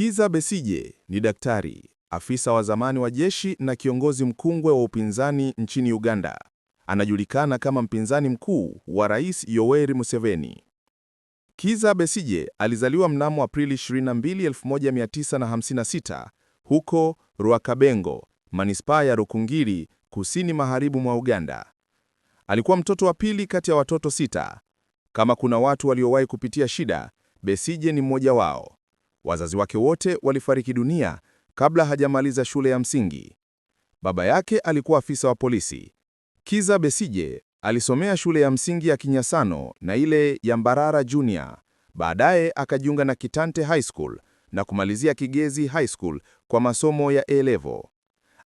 kiza besije ni daktari, afisa wa zamani wa jeshi na kiongozi mkungwe wa upinzani nchini Uganda. Anajulikana kama mpinzani mkuu wa Rais Yoweri Museveni. kiza besije alizaliwa mnamo Aprili 22, 1956 huko Rwakabengo, manispaa ya Rukungiri, kusini magharibi mwa Uganda. Alikuwa mtoto wa pili kati ya watoto sita. Kama kuna watu waliowahi kupitia shida, besije ni mmoja wao. Wazazi wake wote walifariki dunia kabla hajamaliza shule ya msingi. Baba yake alikuwa afisa wa polisi. Kiza Besije alisomea shule ya msingi ya Kinyasano na ile ya Mbarara Junior. Baadaye akajiunga na Kitante High School na kumalizia Kigezi High School kwa masomo ya A-level.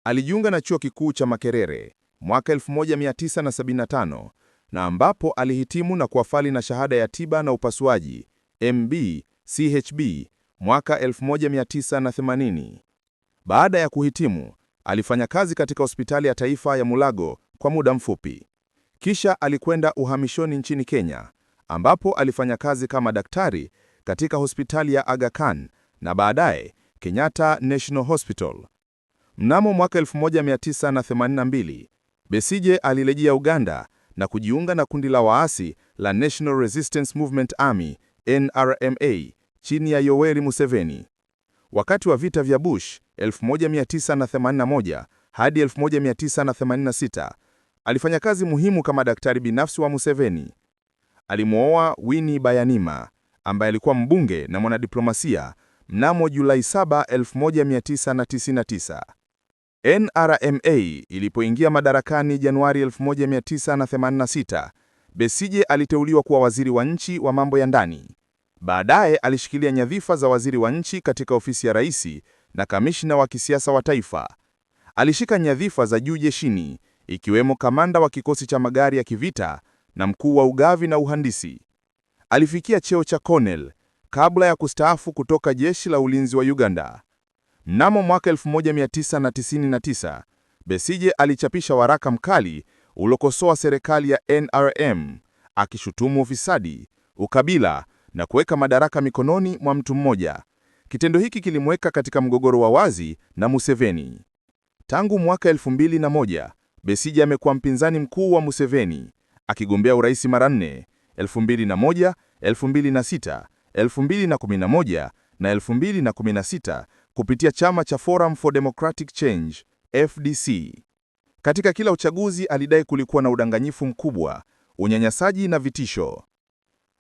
Alijiunga na chuo kikuu cha Makerere mwaka 1975 na ambapo alihitimu na kuwafali na shahada ya tiba na upasuaji MB CHB mwaka 1980. Baada ya kuhitimu, alifanya kazi katika hospitali ya taifa ya Mulago kwa muda mfupi. Kisha alikwenda uhamishoni nchini Kenya, ambapo alifanya kazi kama daktari katika hospitali ya Aga Khan na baadaye Kenyatta National Hospital. Mnamo mwaka 1982, Besije alirejea Uganda na kujiunga na kundi la waasi la National Resistance Movement Army NRMA chini ya Yoweri Museveni. Wakati wa vita vya Bush 1981 hadi 1986, alifanya kazi muhimu kama daktari binafsi wa Museveni. Alimwoa Winnie Bayanima ambaye alikuwa mbunge na mwanadiplomasia mnamo Julai 7, 1999. NRMA ilipoingia madarakani Januari 1986, Besije aliteuliwa kuwa waziri wa nchi wa mambo ya ndani. Baadaye alishikilia nyadhifa za waziri wa nchi katika ofisi ya rais na kamishna wa kisiasa wa taifa. Alishika nyadhifa za juu jeshini, ikiwemo kamanda wa kikosi cha magari ya kivita na mkuu wa ugavi na uhandisi. Alifikia cheo cha colonel kabla ya kustaafu kutoka jeshi la ulinzi wa Uganda. Mnamo mwaka 1999, Besije alichapisha waraka mkali uliokosoa serikali ya NRM akishutumu ufisadi, ukabila na kuweka madaraka mikononi mwa mtu mmoja. Kitendo hiki kilimweka katika mgogoro wa wazi na Museveni. Tangu mwaka 2001, Besigye amekuwa mpinzani mkuu wa Museveni, akigombea urais mara nne, 2001, 2006, 2011 na 2016 kupitia chama cha Forum for Democratic Change, FDC. Katika kila uchaguzi alidai kulikuwa na udanganyifu mkubwa, unyanyasaji na vitisho.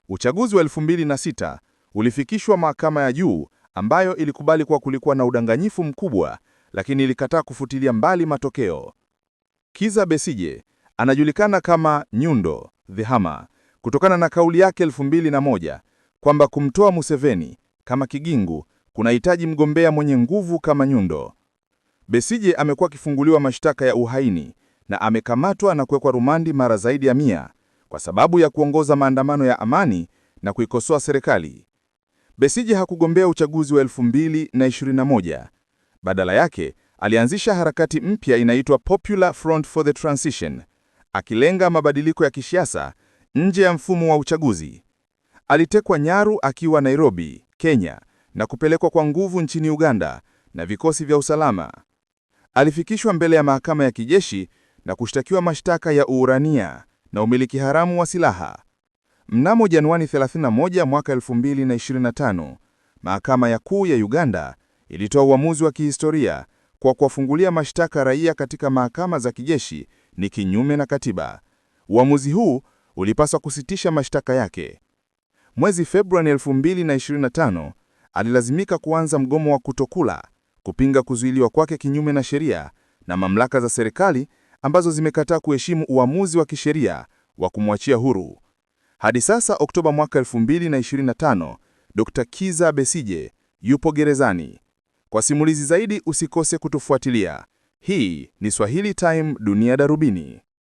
Uchaguzi wa 2006 ulifikishwa mahakama ya juu ambayo ilikubali kuwa kulikuwa na udanganyifu mkubwa, lakini ilikataa kufutilia mbali matokeo. Kiza Besije anajulikana kama Nyundo The Hammer kutokana na kauli yake 2001 kwamba kumtoa Museveni kama kigingu kunahitaji mgombea mwenye nguvu kama Nyundo. Besije amekuwa akifunguliwa mashtaka ya uhaini na amekamatwa na kuwekwa rumandi mara zaidi ya mia kwa sababu ya kuongoza maandamano ya amani na kuikosoa serikali. Besigye hakugombea uchaguzi wa 2021. Badala yake, alianzisha harakati mpya inaitwa Popular Front for the Transition, akilenga mabadiliko ya kisiasa nje ya mfumo wa uchaguzi. Alitekwa nyaru akiwa Nairobi, Kenya, na kupelekwa kwa nguvu nchini Uganda na vikosi vya usalama. Alifikishwa mbele ya mahakama ya kijeshi na kushtakiwa mashtaka ya uurania, na umiliki haramu wa silaha. Mnamo Januari 31 mwaka 2025, Mahakama ya Kuu ya Uganda ilitoa uamuzi wa kihistoria kwa kuwafungulia mashtaka raia katika mahakama za kijeshi ni kinyume na katiba. Uamuzi huu ulipaswa kusitisha mashtaka yake. Mwezi Februari 2025, alilazimika kuanza mgomo wa kutokula kupinga kuzuiliwa kwake kinyume na sheria na mamlaka za serikali ambazo zimekataa kuheshimu uamuzi wa kisheria wa kumwachia huru. Hadi sasa Oktoba mwaka 2025, Dr. Kiza Besije yupo gerezani. Kwa simulizi zaidi usikose kutufuatilia. Hii ni Swahili Time Dunia Darubini.